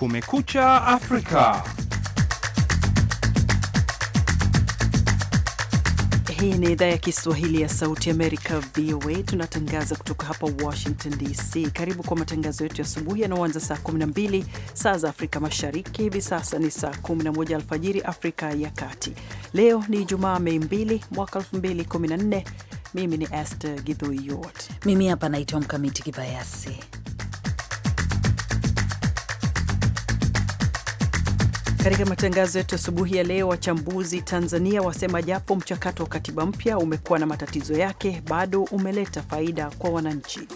Kumekucha Afrika. Hii ni idhaa ya Kiswahili ya Sauti Amerika, VOA. Tunatangaza kutoka hapa Washington DC. Karibu kwa matangazo yetu ya asubuhi yanaoanza saa 12 saa za Afrika Mashariki. Hivi sasa ni saa 11 alfajiri Afrika ya Kati. Leo ni Jumaa, Mei 2 mwaka 2014. Mimi ni Esther Githui mimi hapa naitwa Mkamiti Kibayasi Katika matangazo yetu asubuhi ya leo, wachambuzi Tanzania wasema japo mchakato wa katiba mpya umekuwa na matatizo yake, bado umeleta faida kwa wananchi.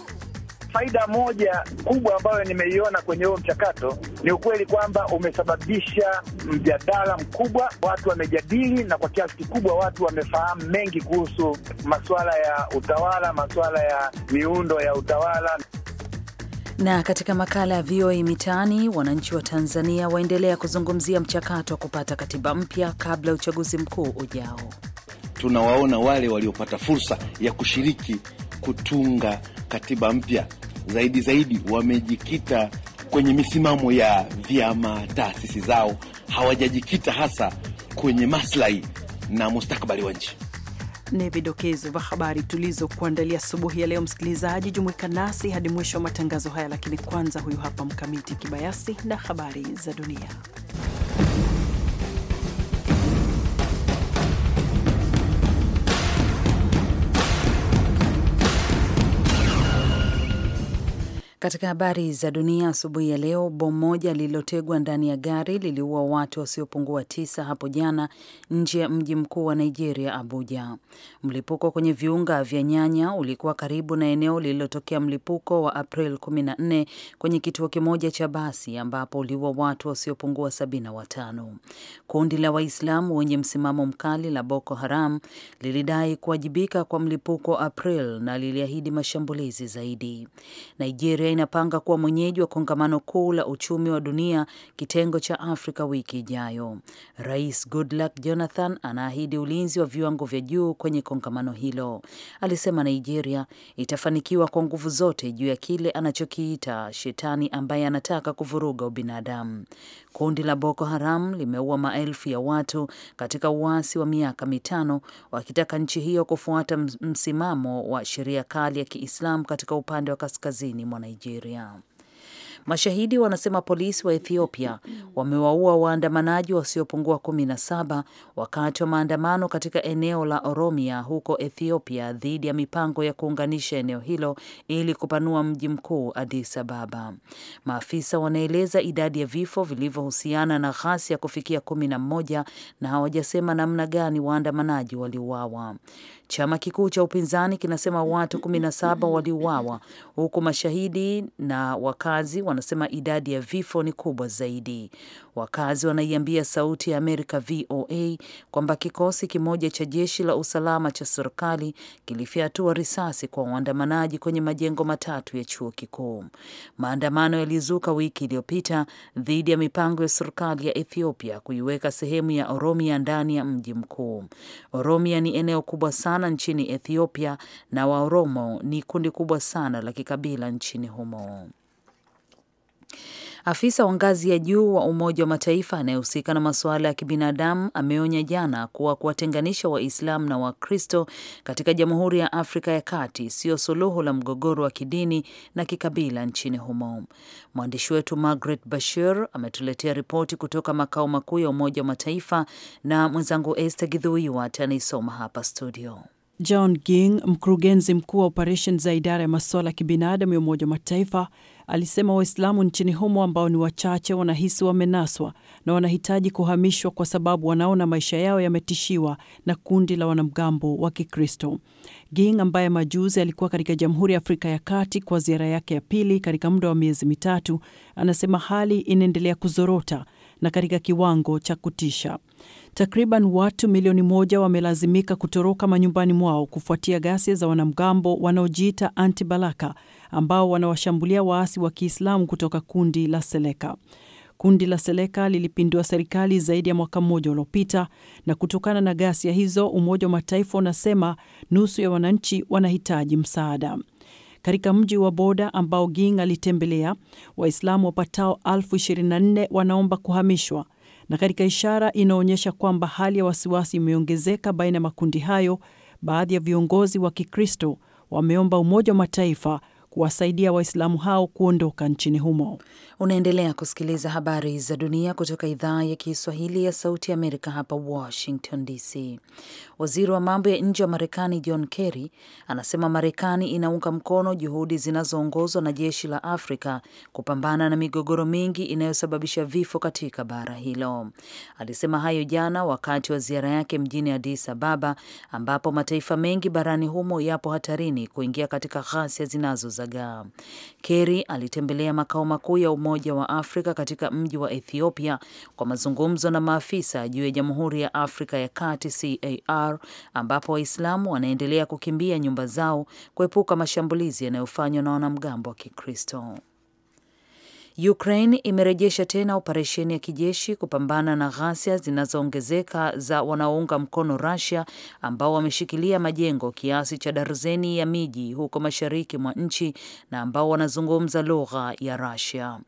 Faida moja kubwa ambayo nimeiona kwenye huo mchakato ni ukweli kwamba umesababisha mjadala mkubwa, watu wamejadili, na kwa kiasi kikubwa watu wamefahamu mengi kuhusu masuala ya utawala, masuala ya miundo ya utawala. Na katika makala ya VOA Mitaani, wananchi wa Tanzania waendelea kuzungumzia mchakato wa kupata katiba mpya kabla ya uchaguzi mkuu ujao. Tunawaona wale waliopata fursa ya kushiriki kutunga katiba mpya, zaidi zaidi wamejikita kwenye misimamo ya vyama, taasisi zao, hawajajikita hasa kwenye maslahi na mustakabali wa nchi ni vidokezo vya habari tulizokuandalia asubuhi ya leo. Msikilizaji, jumuika nasi hadi mwisho wa matangazo haya, lakini kwanza, huyu hapa Mkamiti Kibayasi na habari za dunia. Katika habari za dunia asubuhi ya leo, bomu moja lililotegwa ndani ya gari liliua watu wasiopungua tisa hapo jana nje ya mji mkuu wa Nigeria, Abuja. Mlipuko kwenye viunga vya Nyanya ulikuwa karibu na eneo lililotokea mlipuko wa April 14 kwenye kituo kimoja cha basi ambapo uliua watu wasiopungua sabini na watano. Kundi la Waislamu wenye msimamo mkali la Boko Haram lilidai kuwajibika kwa mlipuko April na liliahidi mashambulizi zaidi Nigeria inapanga kuwa mwenyeji wa kongamano kuu la uchumi wa dunia kitengo cha Afrika wiki ijayo. Rais Goodluck Jonathan anaahidi ulinzi wa viwango vya juu kwenye kongamano hilo. Alisema Nigeria itafanikiwa kwa nguvu zote juu ya kile anachokiita shetani ambaye anataka kuvuruga ubinadamu. Kundi la Boko Haram limeua maelfu ya watu katika uasi wa miaka mitano, wakitaka nchi hiyo kufuata msimamo wa sheria kali ya Kiislamu katika upande wa kaskazini mwa Nigeria. Nigeria. Mashahidi wanasema polisi wa Ethiopia wamewaua waandamanaji wasiopungua 17 wakati wa maandamano katika eneo la Oromia huko Ethiopia dhidi ya mipango ya kuunganisha eneo hilo ili kupanua mji mkuu Addis Ababa. Maafisa wanaeleza idadi ya vifo vilivyohusiana na ghasia kufikia kumi na mmoja na hawajasema namna gani waandamanaji waliuawa. Chama kikuu cha upinzani kinasema watu 17 waliuawa huku mashahidi na wakazi wanasema idadi ya vifo ni kubwa zaidi. Wakazi wanaiambia Sauti ya Amerika VOA kwamba kikosi kimoja cha jeshi la usalama cha serikali kilifyatua risasi kwa waandamanaji kwenye majengo matatu ya chuo kikuu. Maandamano yalizuka wiki iliyopita dhidi ya mipango ya serikali ya Ethiopia kuiweka sehemu ya Oromia ndani ya mji mkuu. Oromia ni eneo kubwa sana sana nchini Ethiopia na Waoromo ni kundi kubwa sana la kikabila nchini humo. Afisa wa ngazi ya juu wa Umoja wa Mataifa anayehusika na masuala ya kibinadamu ameonya jana kuwa kuwatenganisha Waislamu na Wakristo katika Jamhuri ya Afrika ya Kati sio suluhu la mgogoro wa kidini na kikabila nchini humo. Mwandishi wetu Margaret Bashir ametuletea ripoti kutoka makao makuu ya Umoja wa Mataifa na mwenzangu Esther Gidhuiwat anaisoma hapa studio. John Ging, mkurugenzi mkuu wa operesheni za idara ya masuala ya kibinadamu ya Umoja wa Mataifa, alisema Waislamu nchini humo ambao ni wachache wanahisi wamenaswa na wanahitaji kuhamishwa kwa sababu wanaona maisha yao yametishiwa na kundi la wanamgambo wa Kikristo. Ging ambaye majuzi alikuwa katika Jamhuri ya Afrika ya Kati kwa ziara yake ya pili katika muda wa miezi mitatu, anasema hali inaendelea kuzorota na katika kiwango cha kutisha. Takriban watu milioni moja wamelazimika kutoroka manyumbani mwao kufuatia ghasia za wanamgambo wanaojiita Anti-Balaka ambao wanawashambulia waasi wa Kiislamu kutoka kundi la Seleka. Kundi la Seleka lilipindua serikali zaidi ya mwaka mmoja uliopita, na kutokana na ghasia hizo, Umoja wa Mataifa unasema nusu ya wananchi wanahitaji msaada katika mji wa Boda ambao Ging alitembelea, Waislamu wapatao elfu wanaomba kuhamishwa, na katika ishara inaonyesha kwamba hali ya wasiwasi imeongezeka baina ya makundi hayo. Baadhi ya viongozi wa Kikristo wameomba Umoja wa Mataifa kuwasaidia Waislamu hao kuondoka nchini humo. Unaendelea kusikiliza habari za dunia kutoka idhaa ya Kiswahili ya Sauti ya Amerika hapa Washington DC. Waziri wa mambo ya nje wa Marekani John Kerry anasema Marekani inaunga mkono juhudi zinazoongozwa na jeshi la Afrika kupambana na migogoro mingi inayosababisha vifo katika bara hilo. Alisema hayo jana wakati wa ziara yake mjini Addis Ababa ambapo mataifa mengi barani humo yapo hatarini kuingia katika ghasia zinazozagaa. Kerry alitembelea makao makuu ya Umoja wa Afrika katika mji wa Ethiopia kwa mazungumzo na maafisa juu ya Jamhuri ya Afrika ya Kati CAR, ambapo Waislamu wanaendelea kukimbia nyumba zao kuepuka mashambulizi yanayofanywa na wanamgambo wa Kikristo. Ukraine imerejesha tena operesheni ya kijeshi kupambana na ghasia zinazoongezeka za wanaounga mkono Russia ambao wameshikilia majengo kiasi cha darzeni ya miji huko mashariki mwa nchi na ambao wanazungumza lugha ya Russia.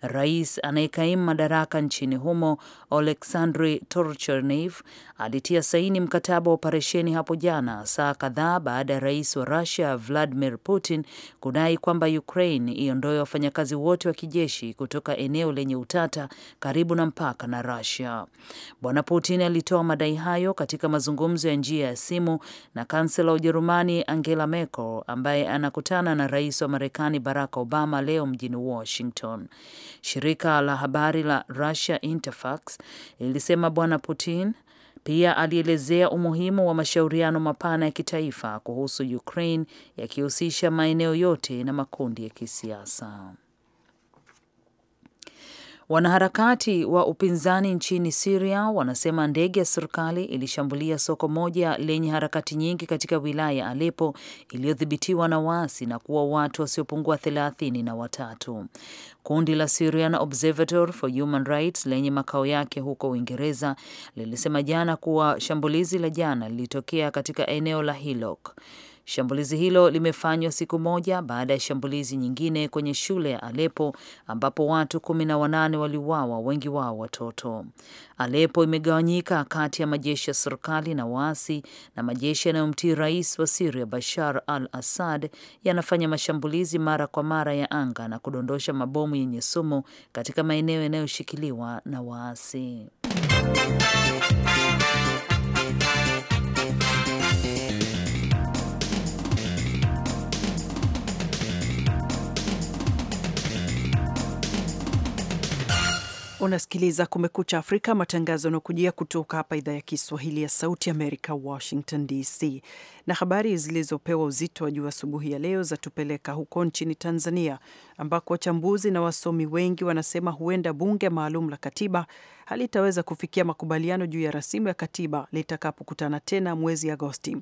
Rais anayekaimu madaraka nchini humo Oleksandr torchernev alitia saini mkataba wa operesheni hapo jana, saa kadhaa baada ya rais wa Rusia Vladimir Putin kudai kwamba Ukraine iondoe wafanyakazi wote wa kijeshi kutoka eneo lenye utata karibu na mpaka na Rusia. Bwana Putin alitoa madai hayo katika mazungumzo ya njia ya simu na kansela wa Ujerumani Angela Merkel ambaye anakutana na rais wa Marekani Barack Obama leo mjini Washington. Shirika la habari la Russia Interfax ilisema Bwana Putin pia alielezea umuhimu wa mashauriano mapana ya kitaifa kuhusu Ukraine yakihusisha maeneo yote na makundi ya kisiasa. Wanaharakati wa upinzani nchini Siria wanasema ndege ya serikali ilishambulia soko moja lenye harakati nyingi katika wilaya ya Alepo iliyodhibitiwa na waasi na kuwa watu wasiopungua thelathini na watatu. Kundi la Syrian Observatory for Human Rights lenye makao yake huko Uingereza lilisema jana kuwa shambulizi la jana lilitokea katika eneo la Hilok. Shambulizi hilo limefanywa siku moja baada ya shambulizi nyingine kwenye shule ya Alepo ambapo watu kumi na wanane waliuawa, wengi wao watoto. Alepo imegawanyika kati ya majeshi ya serikali na waasi, na majeshi yanayomtii rais wa Siria Bashar al Assad yanafanya mashambulizi mara kwa mara ya anga na kudondosha mabomu yenye sumu katika maeneo yanayoshikiliwa na waasi. Unasikiliza Kumekucha Afrika, matangazo yanakujia kutoka hapa idhaa ya Kiswahili ya Sauti Amerika, Washington DC. Na habari zilizopewa uzito wa juu asubuhi ya leo zatupeleka huko nchini Tanzania, ambako wachambuzi na wasomi wengi wanasema huenda bunge maalum la katiba halitaweza kufikia makubaliano juu ya rasimu ya katiba litakapokutana tena mwezi Agosti.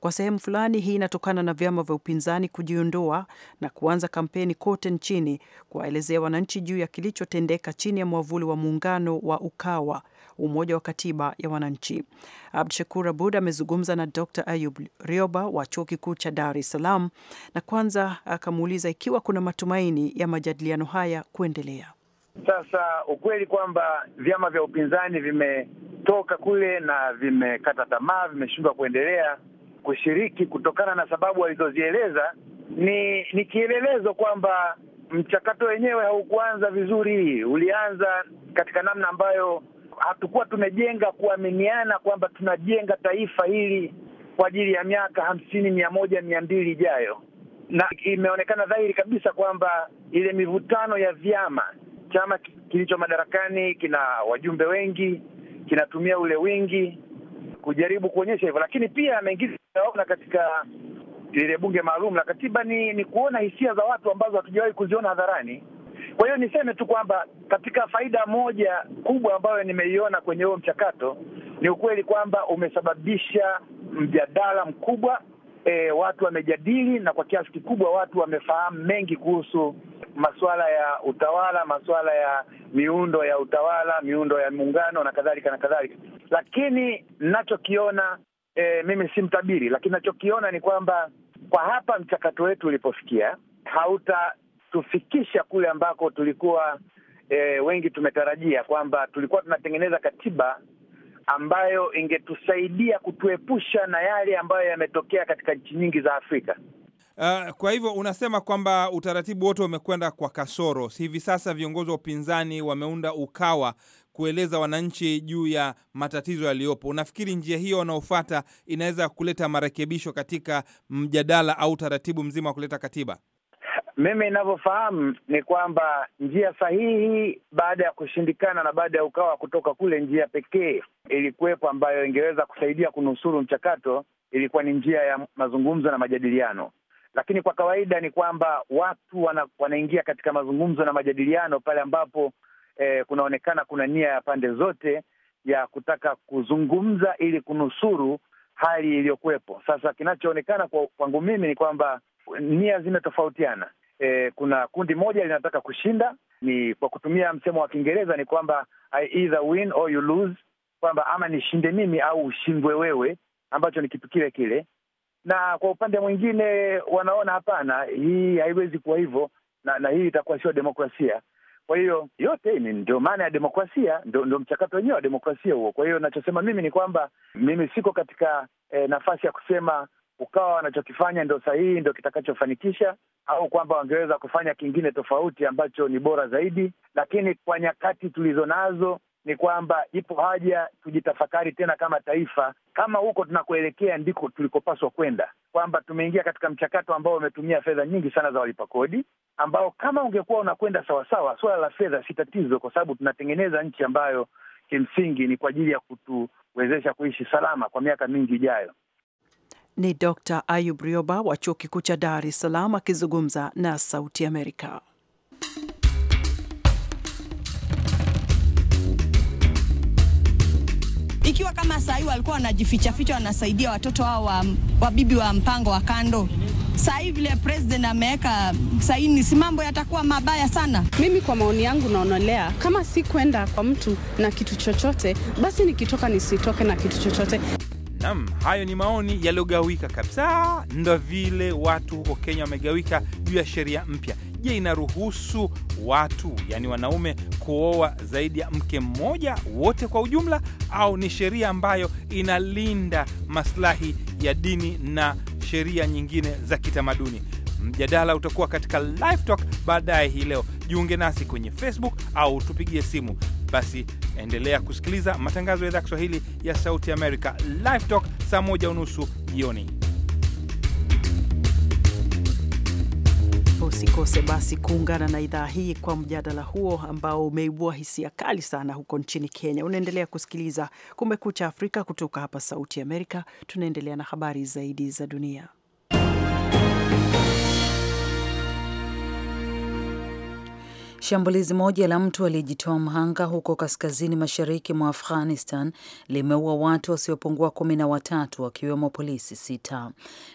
Kwa sehemu fulani, hii inatokana na vyama vya upinzani kujiondoa na kuanza kampeni kote nchini kuwaelezea wananchi juu ya kilichotendeka chini ya mwavuli wa muungano wa Ukawa umoja wa katiba ya wananchi. Abdushakur Abud amezungumza na Dr Ayub Rioba wa chuo kikuu cha Dar es Salaam, na kwanza akamuuliza ikiwa kuna matumaini ya majadiliano haya kuendelea. Sasa ukweli kwamba vyama vya upinzani vimetoka kule na vimekata tamaa, vimeshindwa kuendelea kushiriki kutokana na sababu walizozieleza, ni ni kielelezo kwamba mchakato wenyewe haukuanza vizuri, ulianza katika namna ambayo hatukuwa tumejenga kuaminiana kwamba tunajenga taifa hili kwa ajili ya miaka hamsini, mia moja, mia mbili ijayo, na imeonekana dhahiri kabisa kwamba ile mivutano ya vyama, chama kilicho madarakani kina wajumbe wengi, kinatumia ule wingi kujaribu kuonyesha hivyo, lakini pia ameingiza aona katika lile bunge maalum la katiba ni, ni kuona hisia za watu ambazo hatujawahi kuziona hadharani kwa hiyo niseme tu kwamba katika faida moja kubwa ambayo nimeiona kwenye huo mchakato ni ukweli kwamba umesababisha mjadala mkubwa. E, watu wamejadili na kwa kiasi kikubwa watu wamefahamu mengi kuhusu masuala ya utawala, masuala ya miundo ya utawala, miundo ya muungano na kadhalika na kadhalika. Lakini nachokiona e, mimi si mtabiri, lakini nachokiona ni kwamba kwa hapa mchakato wetu ulipofikia hauta kutufikisha kule ambako tulikuwa e, wengi tumetarajia kwamba tulikuwa tunatengeneza katiba ambayo ingetusaidia kutuepusha na yale ambayo yametokea katika nchi nyingi za Afrika. Uh, kwa hivyo unasema kwamba utaratibu wote umekwenda kwa kasoro. Hivi sasa viongozi wa upinzani wameunda Ukawa kueleza wananchi juu ya matatizo yaliyopo. Unafikiri njia hiyo wanaofuata inaweza kuleta marekebisho katika mjadala au taratibu mzima wa kuleta katiba? Mimi inavyofahamu ni kwamba njia sahihi baada ya kushindikana na baada ya ukawa kutoka kule, njia pekee ilikuwepo ambayo ingeweza kusaidia kunusuru mchakato ilikuwa ni njia ya mazungumzo na majadiliano. Lakini kwa kawaida ni kwamba watu wana, wanaingia katika mazungumzo na majadiliano pale ambapo eh, kunaonekana kuna nia ya pande zote ya kutaka kuzungumza ili kunusuru hali iliyokuwepo. Sasa kinachoonekana kwangu mimi ni kwamba nia zimetofautiana e, kuna kundi moja linataka kushinda. Ni kwa kutumia msemo wa Kiingereza ni kwamba I either win or you lose, kwamba ama nishinde mimi au ushindwe wewe, ambacho ni kitu kile kile. Na kwa upande mwingine wanaona hapana, hii haiwezi kuwa hivyo na, na hii itakuwa sio demokrasia. Kwa hiyo yote ni ndio maana ya demokrasia, ndio mchakato wenyewe wa demokrasia huo. Kwa hiyo nachosema mimi ni kwamba mimi siko katika eh, nafasi ya kusema ukawa wanachokifanya ndo sahihi, ndo kitakachofanikisha au kwamba wangeweza kufanya kingine tofauti ambacho ni bora zaidi, lakini kwa nyakati tulizo nazo ni kwamba ipo haja tujitafakari tena kama taifa, kama huko tunakoelekea ndiko tulikopaswa kwenda, kwamba tumeingia katika mchakato ambao wametumia fedha nyingi sana za walipa kodi, ambao kama ungekuwa unakwenda sawasawa, suala la fedha si tatizo, kwa sababu tunatengeneza nchi ambayo kimsingi ni kwa ajili ya kutuwezesha kuishi salama kwa miaka mingi ijayo. Ni Dr. Ayub Rioba wa Chuo Kikuu cha Dar es Salaam akizungumza na Sauti Amerika. Ikiwa kama saa hii walikuwa wanajifichaficha wanasaidia watoto hao wa, wa bibi wa mpango wa kando, saa hii vile president ameweka saini, si mambo yatakuwa mabaya sana. Mimi kwa maoni yangu naonelea kama si kwenda kwa mtu na kitu chochote, basi nikitoka nisitoke na kitu chochote, Naam, hayo ni maoni yaliyogawika kabisa, ndo vile watu huko Kenya wamegawika juu ya sheria mpya. Je, inaruhusu watu yani wanaume kuoa zaidi ya mke mmoja wote kwa ujumla, au ni sheria ambayo inalinda maslahi ya dini na sheria nyingine za kitamaduni? Mjadala utakuwa katika Live Talk baadaye hii leo. Jiunge nasi kwenye Facebook au tupigie simu basi endelea kusikiliza matangazo ya idhaa Kiswahili ya Sauti Amerika, Live Talk, saa moja unusu jioni. Usikose basi kuungana na idhaa hii kwa mjadala huo ambao umeibua hisia kali sana huko nchini Kenya. Unaendelea kusikiliza Kumekucha Afrika kutoka hapa Sauti Amerika. Tunaendelea na habari zaidi za dunia. Shambulizi moja la mtu aliyejitoa mhanga huko kaskazini mashariki mwa Afghanistan limeua watu wasiopungua kumi na watatu wakiwemo polisi sita.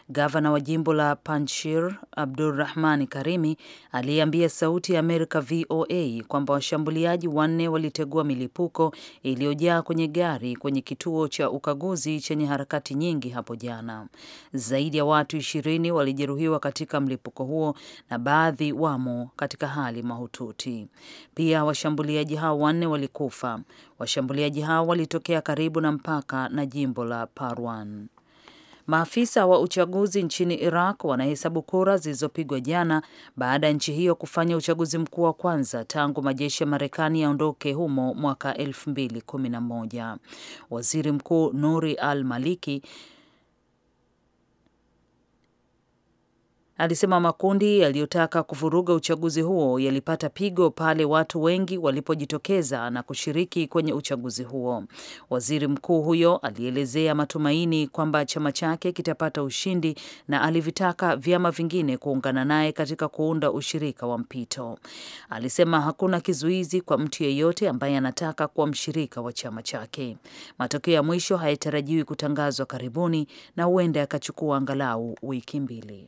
Gavana wa jimbo la Panjshir Abdurrahman Karimi aliyeambia Sauti ya Amerika VOA kwamba washambuliaji wanne walitegua milipuko iliyojaa kwenye gari kwenye kituo cha ukaguzi chenye harakati nyingi hapo jana. Zaidi ya watu ishirini walijeruhiwa katika mlipuko huo na baadhi wamo katika hali mahututi tofauti. Pia washambuliaji hao wanne walikufa. Washambuliaji hao walitokea karibu na mpaka na jimbo la Parwan. Maafisa wa uchaguzi nchini Iraq wanahesabu kura zilizopigwa jana baada ya nchi hiyo kufanya uchaguzi mkuu wa kwanza tangu majeshi ya Marekani yaondoke humo mwaka 2011. Waziri Mkuu Nuri al-Maliki alisema makundi yaliyotaka kuvuruga uchaguzi huo yalipata pigo pale watu wengi walipojitokeza na kushiriki kwenye uchaguzi huo. Waziri mkuu huyo alielezea matumaini kwamba chama chake kitapata ushindi na alivitaka vyama vingine kuungana naye katika kuunda ushirika wa mpito. Alisema hakuna kizuizi kwa mtu yeyote ambaye anataka kuwa mshirika wa chama chake. Matokeo ya mwisho hayatarajiwi kutangazwa karibuni na huenda yakachukua angalau wiki mbili.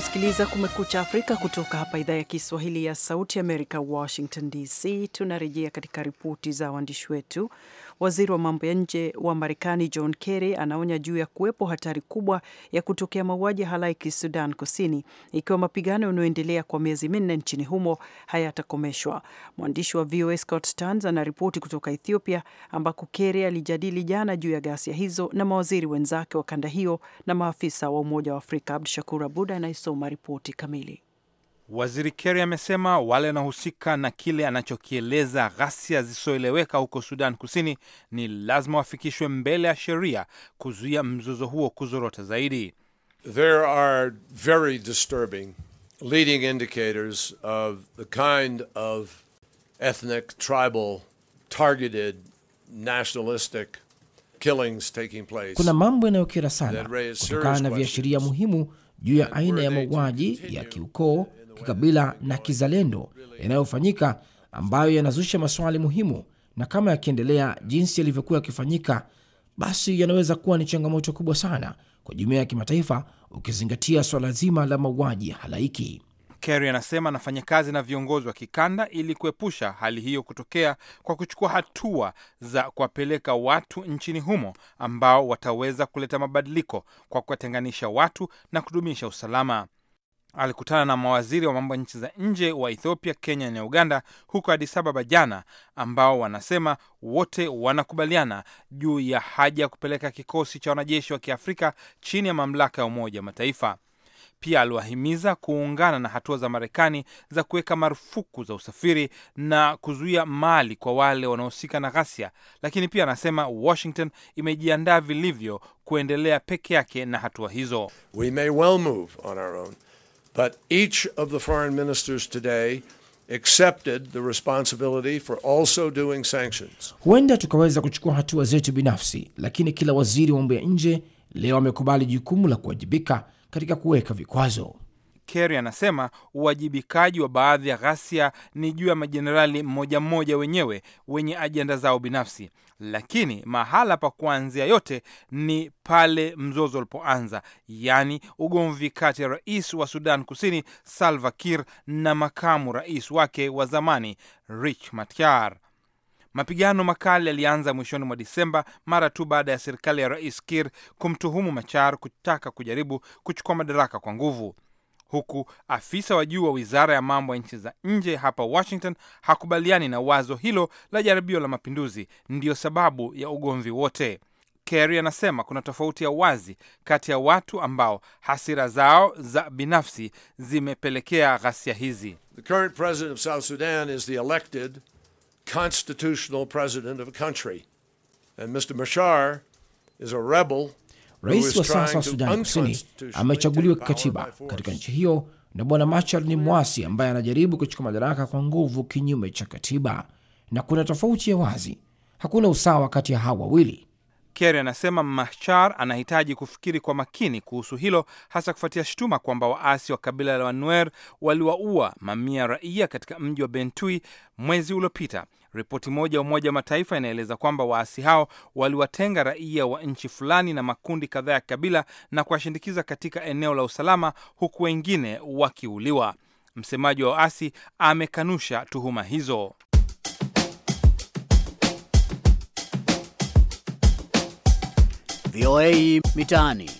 kusikiliza Kumekucha Afrika kutoka hapa idhaa ya Kiswahili ya Sauti Amerika, Washington DC. Tunarejea katika ripoti za waandishi wetu. Waziri wa mambo ya nje wa Marekani John Kerry anaonya juu ya kuwepo hatari kubwa ya kutokea mauaji halaiki Sudan Kusini ikiwa mapigano yanayoendelea kwa miezi minne nchini humo hayatakomeshwa. Mwandishi wa VOA Scott Stearns anaripoti kutoka Ethiopia, ambako Kerry alijadili jana juu ya ghasia hizo na mawaziri wenzake wa kanda hiyo na maafisa wa Umoja wa Afrika. Abdu Shakur Abud anaisoma ripoti kamili. Waziri Kerry amesema wale wanaohusika na kile anachokieleza ghasia zisizoeleweka huko Sudan Kusini ni lazima wafikishwe mbele ya sheria kuzuia mzozo huo kuzorota zaidi. There are very disturbing leading indicators of the kind of ethnic, tribal, targeted, nationalistic killings taking place. Kuna mambo yanayokera sana kutokana na viashiria muhimu juu ya aina ya mauaji ya kiukoo kikabila na kizalendo yanayofanyika ambayo yanazusha maswali muhimu, na kama yakiendelea jinsi yalivyokuwa yakifanyika, basi yanaweza kuwa ni changamoto kubwa sana kwa jumuia ya kimataifa, ukizingatia swala zima la mauaji ya halaiki. kery anasema anafanya kazi na viongozi wa kikanda ili kuepusha hali hiyo kutokea kwa kuchukua hatua za kuwapeleka watu nchini humo ambao wataweza kuleta mabadiliko kwa kuwatenganisha watu na kudumisha usalama alikutana na mawaziri wa mambo ya nchi za nje wa Ethiopia, Kenya na Uganda huko Addis Ababa jana, ambao wanasema wote wanakubaliana juu ya haja ya kupeleka kikosi cha wanajeshi wa kiafrika chini ya mamlaka ya Umoja wa Mataifa. Pia aliwahimiza kuungana na hatua za Marekani za kuweka marufuku za usafiri na kuzuia mali kwa wale wanaohusika na ghasia, lakini pia anasema Washington imejiandaa vilivyo kuendelea peke yake na hatua hizo. We may well move on our own. But each of the foreign ministers today accepted the responsibility for also doing sanctions. Huenda tukaweza kuchukua hatua zetu binafsi, lakini kila waziri wa mambo ya nje leo amekubali jukumu la kuwajibika katika kuweka vikwazo. Kerry anasema uwajibikaji wa baadhi ya ghasia ni juu ya majenerali mmoja mmoja wenyewe wenye ajenda zao binafsi, lakini mahala pa kuanzia yote ni pale mzozo ulipoanza, yaani ugomvi kati ya rais wa Sudan Kusini Salva Kiir na makamu rais wake wa zamani Riek Machar. Mapigano makali yalianza mwishoni mwa Disemba mara tu baada ya serikali ya rais Kiir kumtuhumu Machar kutaka kujaribu kuchukua madaraka kwa nguvu huku afisa wa juu wa wizara ya mambo ya nchi za nje hapa Washington hakubaliani na wazo hilo la jaribio la mapinduzi ndiyo sababu ya ugomvi wote. Kerry anasema kuna tofauti ya wazi kati ya watu ambao hasira zao za binafsi zimepelekea ghasia hizi. The current president of South Sudan is the elected constitutional president of a country and Mr Machar is a rebel Rais wa sasa wa Sudani Kusini amechaguliwa kikatiba katika nchi hiyo na Bwana Machar ni mwasi ambaye anajaribu kuchukua madaraka kwa nguvu kinyume cha katiba, na kuna tofauti ya wazi, hakuna usawa kati ya hawa wawili. Kerry anasema Machar anahitaji kufikiri kwa makini kuhusu hilo, hasa kufuatia shutuma kwamba waasi wa kabila la Wanuer waliwaua mamia raia katika mji wa Bentui mwezi uliopita. Ripoti moja ya Umoja wa Mataifa inaeleza kwamba waasi hao waliwatenga raia wa nchi fulani na makundi kadhaa ya kabila na kuwashindikiza katika eneo la usalama, huku wengine wakiuliwa. Msemaji wa waasi amekanusha tuhuma hizo. VOA Mitaani.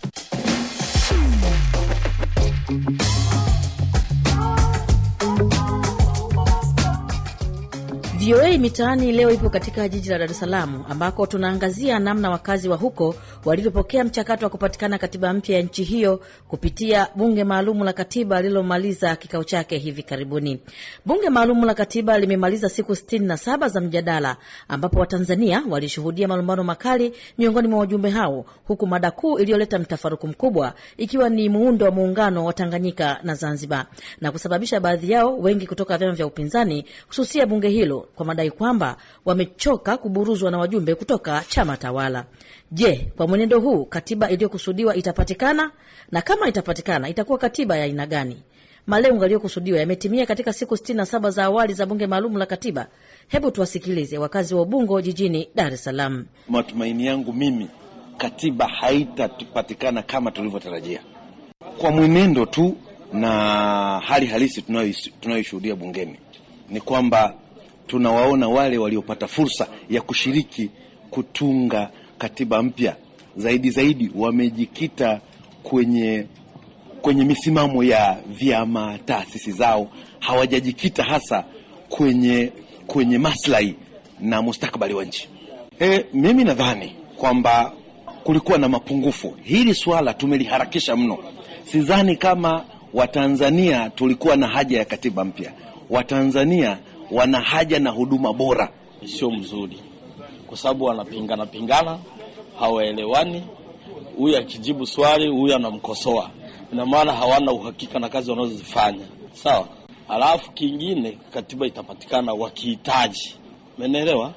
VOA Mitaani leo ipo katika jiji la Dar es Salaam ambako tunaangazia namna wakazi wa huko walivyopokea mchakato wa kupatikana katiba mpya ya nchi hiyo kupitia bunge maalum la katiba lililomaliza kikao chake hivi karibuni. Bunge maalum la katiba limemaliza siku 67 za mjadala, ambapo Watanzania walishuhudia malumbano makali miongoni mwa wajumbe hao, huku mada kuu iliyoleta mtafaruku mkubwa ikiwa ni muundo wa muungano wa Tanganyika na Zanzibar, na kusababisha baadhi yao wengi kutoka vyama vya upinzani kususia bunge hilo kwa madai kwamba wamechoka kuburuzwa na wajumbe kutoka chama tawala. Je, kwa mwenendo huu katiba iliyokusudiwa itapatikana? Na kama itapatikana, itakuwa katiba ya aina gani? Malengo yaliyokusudiwa yametimia katika siku 67 za awali za bunge maalum la katiba. Hebu tuwasikilize wakazi wa Ubungo jijini Dar es Salaam. Matumaini yangu mimi, katiba haitapatikana kama tulivyotarajia kwa mwenendo tu na hali halisi tunayoishuhudia bungeni ni kwamba tunawaona wale waliopata fursa ya kushiriki kutunga katiba mpya, zaidi zaidi wamejikita kwenye kwenye misimamo ya vyama, taasisi zao, hawajajikita hasa kwenye kwenye maslahi na mustakabali wa nchi. E, mimi nadhani kwamba kulikuwa na mapungufu. Hili swala tumeliharakisha mno. Sidhani kama Watanzania tulikuwa na haja ya katiba mpya. Watanzania wana haja na huduma bora. Sio mzuri kwa sababu wanapingana pingana, hawaelewani. Huyu akijibu swali, huyu anamkosoa. Ina maana hawana uhakika na kazi wanazozifanya. Sawa. Alafu kingine, katiba itapatikana wakihitaji, menelewa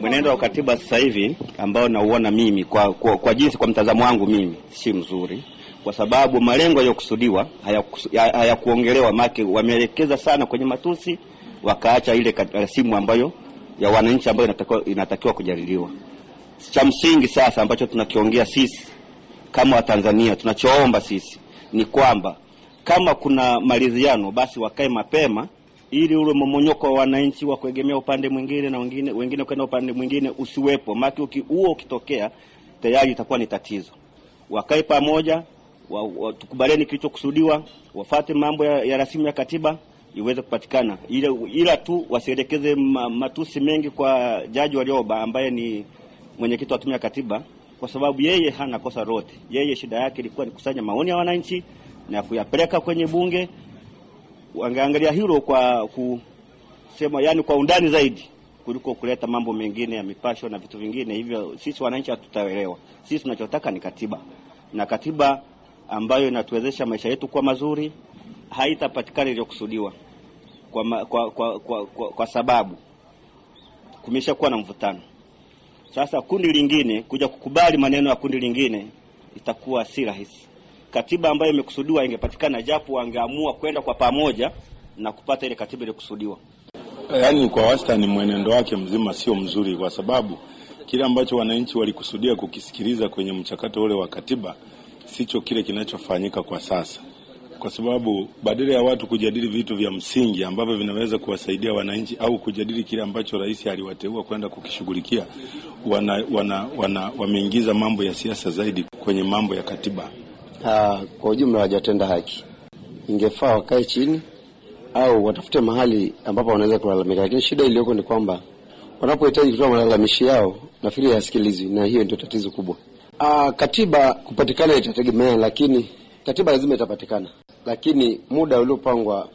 Mwenendo wa katiba sasa hivi ambao nauona mimi kwa, kwa, kwa jinsi kwa mtazamo wangu mimi si mzuri, kwa sababu malengo yaliyokusudiwa hayakuongelewa, haya make wameelekeza sana kwenye matusi wakaacha ile rasimu eh, ambayo ya wananchi ambayo inatakiwa, inatakiwa kujadiliwa. Cha msingi sasa ambacho tunakiongea sisi kama Watanzania, tunachoomba sisi ni kwamba kama kuna maridhiano basi wakae mapema ili ule momonyoko wa wananchi wa kuegemea upande mwingine na wengine wengine kwenda upande mwingine usiwepo. uki, huo ukitokea tayari itakuwa ni tatizo. Wakae pamoja wa, wa, kilichokusudiwa, wafate mambo ya, ya rasimu ya katiba iweze kupatikana, ila, ila tu wasielekeze matusi mengi kwa Jaji Warioba ambaye ni mwenyekiti wa tume ya katiba, kwa sababu yeye hana kosa lolote. Yeye shida yake ilikuwa ni kusanya maoni ya wananchi na kuyapeleka kwenye bunge. Wangeangalia hilo kwa kusema, yani kwa undani zaidi kuliko kuleta mambo mengine ya mipasho na vitu vingine hivyo. Sisi wananchi hatutaelewa. Sisi tunachotaka ni katiba, na katiba ambayo inatuwezesha maisha yetu kuwa mazuri haitapatikana iliyokusudiwa kwa, kwa, kwa, kwa, kwa, kwa sababu kumeshakuwa na mvutano. Sasa kundi lingine kuja kukubali maneno ya kundi lingine itakuwa si rahisi. Katiba ambayo imekusudiwa ingepatikana, japo wangeamua kwenda kwa pamoja na kupata ile katiba iliyokusudiwa. Eh, yaani kwa wastani mwenendo wake mzima sio mzuri, kwa sababu kile ambacho wananchi walikusudia kukisikiliza kwenye mchakato ule wa katiba sicho kile kinachofanyika kwa sasa kwa sababu badala ya watu kujadili vitu vya msingi ambavyo vinaweza kuwasaidia wananchi au kujadili kile ambacho rais aliwateua kwenda kukishughulikia, wana, wana, wana, wameingiza mambo ya siasa zaidi kwenye mambo ya katiba. Ha, ah, kwa ujumla hawajatenda haki. Ingefaa wakae chini au watafute mahali ambapo wanaweza kulalamika, lakini shida iliyoko ni kwamba wanapohitaji kutoa malalamishi yao nafikiri hayasikilizwi, na hiyo ndio tatizo kubwa. Aa, ah, katiba kupatikana itategemea, lakini katiba lazima itapatikana, lakini muda uliopangwa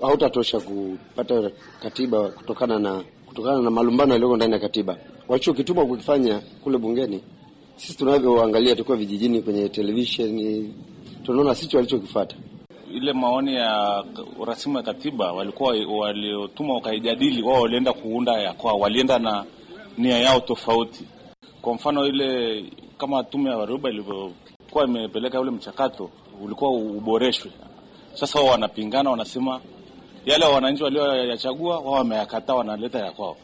hautatosha kupata katiba kutokana na kutokana na malumbano yaliyoko ndani ya katiba. Wachuo kitumwa kukifanya kule bungeni, sisi tunavyoangalia, tukiwa vijijini kwenye televisheni, tunaona sicho walichokifata ile maoni ya rasimu ya katiba walikuwa waliotuma wakaijadili wao, walienda kuunda ya kwao, walienda na nia yao tofauti. Kwa mfano ile kama tume ya Waruba ilivyo ilikuwa imepeleka ule mchakato ulikuwa uboreshwe. Sasa wao wanapingana, wanasema yale wananchi walioyachagua wao wameyakataa, wanaleta ya kwao.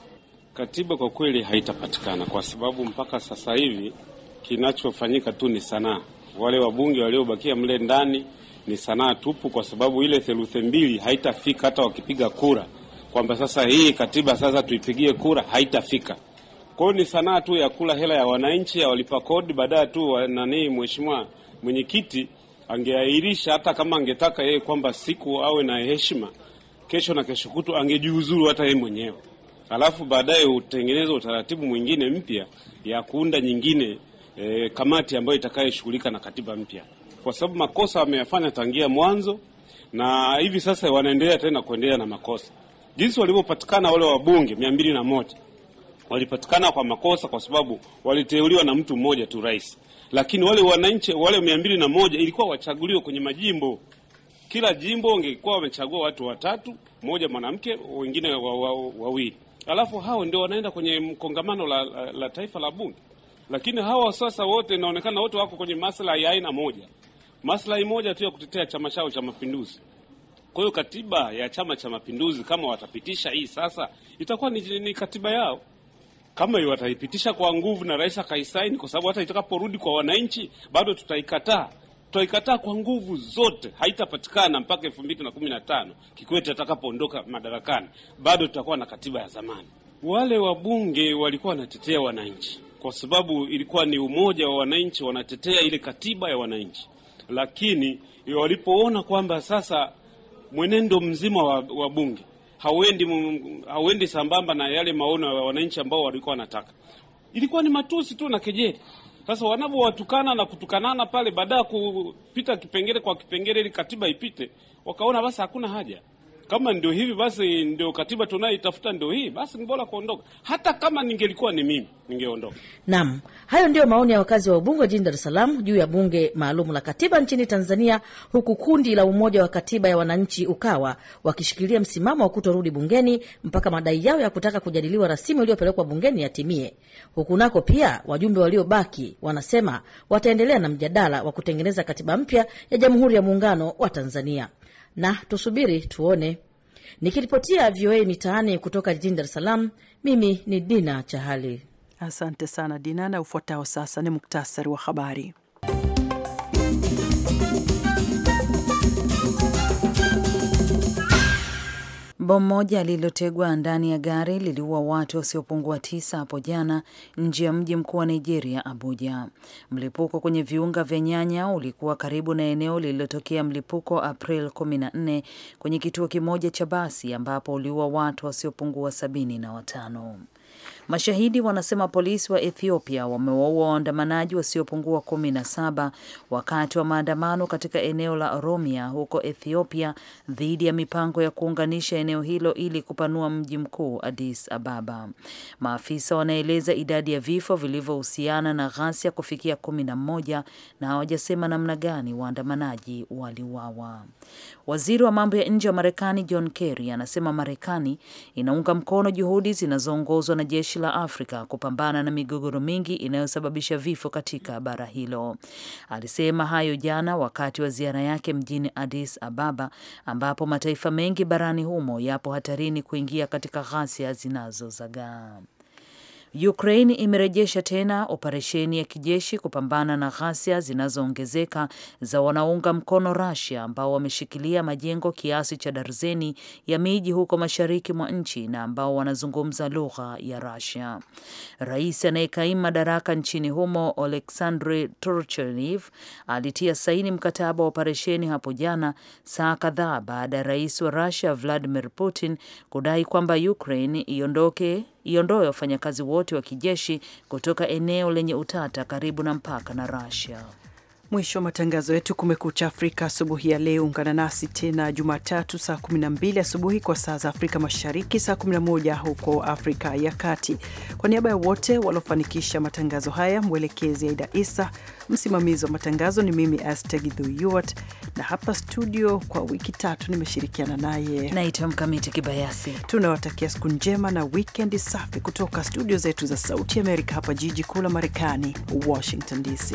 Katiba kwa kweli haitapatikana kwa sababu mpaka sasa hivi kinachofanyika tu ni sanaa. Wale wabunge waliobakia mle ndani ni sanaa tupu, kwa sababu ile theluthi mbili haitafika hata wakipiga kura, kwamba sasa hii katiba sasa tuipigie kura, haitafika. Kwa hiyo ni sanaa tu ya kula hela ya wananchi ya walipa kodi, baadaye tu nani, mheshimiwa mwenyekiti angeahirisha hata kama angetaka yeye kwamba siku awe na heshima, kesho na kesho kutu angejiuzuru hata yeye mwenyewe, alafu baadaye utengeneze utaratibu mwingine mpya ya kuunda nyingine e, kamati ambayo itakayeshughulika na katiba mpya, kwa sababu makosa ameyafanya tangia mwanzo na hivi sasa wanaendelea tena kuendelea na makosa. Jinsi walivyopatikana wale wabunge mia mbili na moja walipatikana kwa makosa kwa sababu waliteuliwa na mtu mmoja tu, rais. Lakini wale wananchi wale mia mbili na moja ilikuwa wachaguliwe kwenye majimbo. Kila jimbo wangekuwa wamechagua watu watatu, mmoja mwanamke, wengine wawili, alafu hao ndio wanaenda kwenye kongamano la, la, la taifa la bunge. Lakini hawa sasa wote inaonekana wote wako kwenye maslahi ya aina moja, maslahi moja tu ya kutetea chama chao cha mapinduzi. Kwa hiyo katiba ya Chama cha Mapinduzi kama watapitisha hii sasa, itakuwa ni, ni katiba yao kama wataipitisha kwa nguvu na rais akaisaini, kwa sababu hata itakaporudi kwa wananchi bado tutaikataa, tutaikataa kwa nguvu zote, haitapatikana mpaka elfu mbili na kumi na tano Kikwete atakapoondoka madarakani, bado tutakuwa na katiba ya zamani. Wale wabunge walikuwa wanatetea wananchi, kwa sababu ilikuwa ni umoja wa wananchi, wanatetea ile katiba ya wananchi, lakini walipoona kwamba sasa mwenendo mzima wa, wa bunge hauendi hauendi sambamba na yale maono ya wananchi ambao walikuwa wanataka. Ilikuwa ni matusi tu na kejeli. Sasa wanavyowatukana na kutukanana pale, baada ya kupita kipengele kwa kipengele ili katiba ipite, wakaona basi hakuna haja kama ndio hivi basi, ndio katiba tunayoitafuta ndio hii basi, ni bora kuondoka. Hata kama ningelikuwa ni mimi, ningeondoka. Naam, hayo ndiyo maoni ya wakazi wa Ubungo jijini Dar es Salaam juu ya bunge maalum la katiba nchini Tanzania, huku kundi la Umoja wa Katiba ya Wananchi UKAWA wakishikilia msimamo wa kutorudi bungeni mpaka madai yao ya kutaka kujadiliwa rasimu iliyopelekwa bungeni yatimie. Huku nako pia wajumbe waliobaki wanasema wataendelea na mjadala wa kutengeneza katiba mpya ya Jamhuri ya Muungano wa Tanzania na tusubiri tuone. Nikiripotia VOA Mitaani kutoka jijini dares salam Salaam, mimi ni Dina Chahali. Asante sana Dina, na ufuatao sasa ni muktasari wa habari. Bomu moja lililotegwa ndani ya gari liliua watu wasiopungua tisa hapo jana nje ya mji mkuu wa Nigeria, Abuja. Mlipuko kwenye viunga vya Nyanya ulikuwa karibu na eneo lililotokea mlipuko April 14 kwenye kituo kimoja cha basi ambapo uliua watu wasiopungua sabini na watano. Mashahidi wanasema polisi wa Ethiopia wamewaua waandamanaji wasiopungua kumi na saba wakati wa maandamano katika eneo la Oromia huko Ethiopia dhidi ya mipango ya kuunganisha eneo hilo ili kupanua mji mkuu Addis Ababa. Maafisa wanaeleza idadi ya vifo vilivyohusiana na ghasia kufikia kumi na mmoja na hawajasema namna gani waandamanaji waliuawa. Waziri wa mambo ya nje wa Marekani John Kerry anasema Marekani inaunga mkono juhudi zinazoongozwa na jeshi jeshi la Afrika kupambana na migogoro mingi inayosababisha vifo katika bara hilo. Alisema hayo jana wakati wa ziara yake mjini Addis Ababa, ambapo mataifa mengi barani humo yapo hatarini kuingia katika ghasia zinazozagaa. Ukraine imerejesha tena operesheni ya kijeshi kupambana na ghasia zinazoongezeka za wanaunga mkono Russia ambao wameshikilia majengo kiasi cha darzeni ya miji huko mashariki mwa nchi na ambao wanazungumza lugha ya Russia. Rais anayekaimu madaraka nchini humo Oleksandr Turchev alitia saini mkataba wa operesheni hapo jana, saa kadhaa baada ya rais wa Russia Vladimir Putin kudai kwamba Ukraine iondoke iondoe wafanyakazi wote wa kijeshi kutoka eneo lenye utata karibu na mpaka na Russia. Mwisho wa matangazo yetu Kumekucha Afrika asubuhi ya leo. Ungana nasi tena Jumatatu saa 12 asubuhi kwa saa za Afrika Mashariki, saa 11 huko Afrika ya Kati. Kwa niaba ya wote waliofanikisha matangazo haya, mwelekezi Aida Isa, msimamizi wa matangazo ni mimi Astegidhyuat, na hapa studio kwa wiki tatu nimeshirikiana naye naitwa Mkamiti Kibayasi. Tunawatakia siku njema na wikendi safi kutoka studio zetu za Sauti Amerika, hapa jiji kuu la Marekani, Washington DC.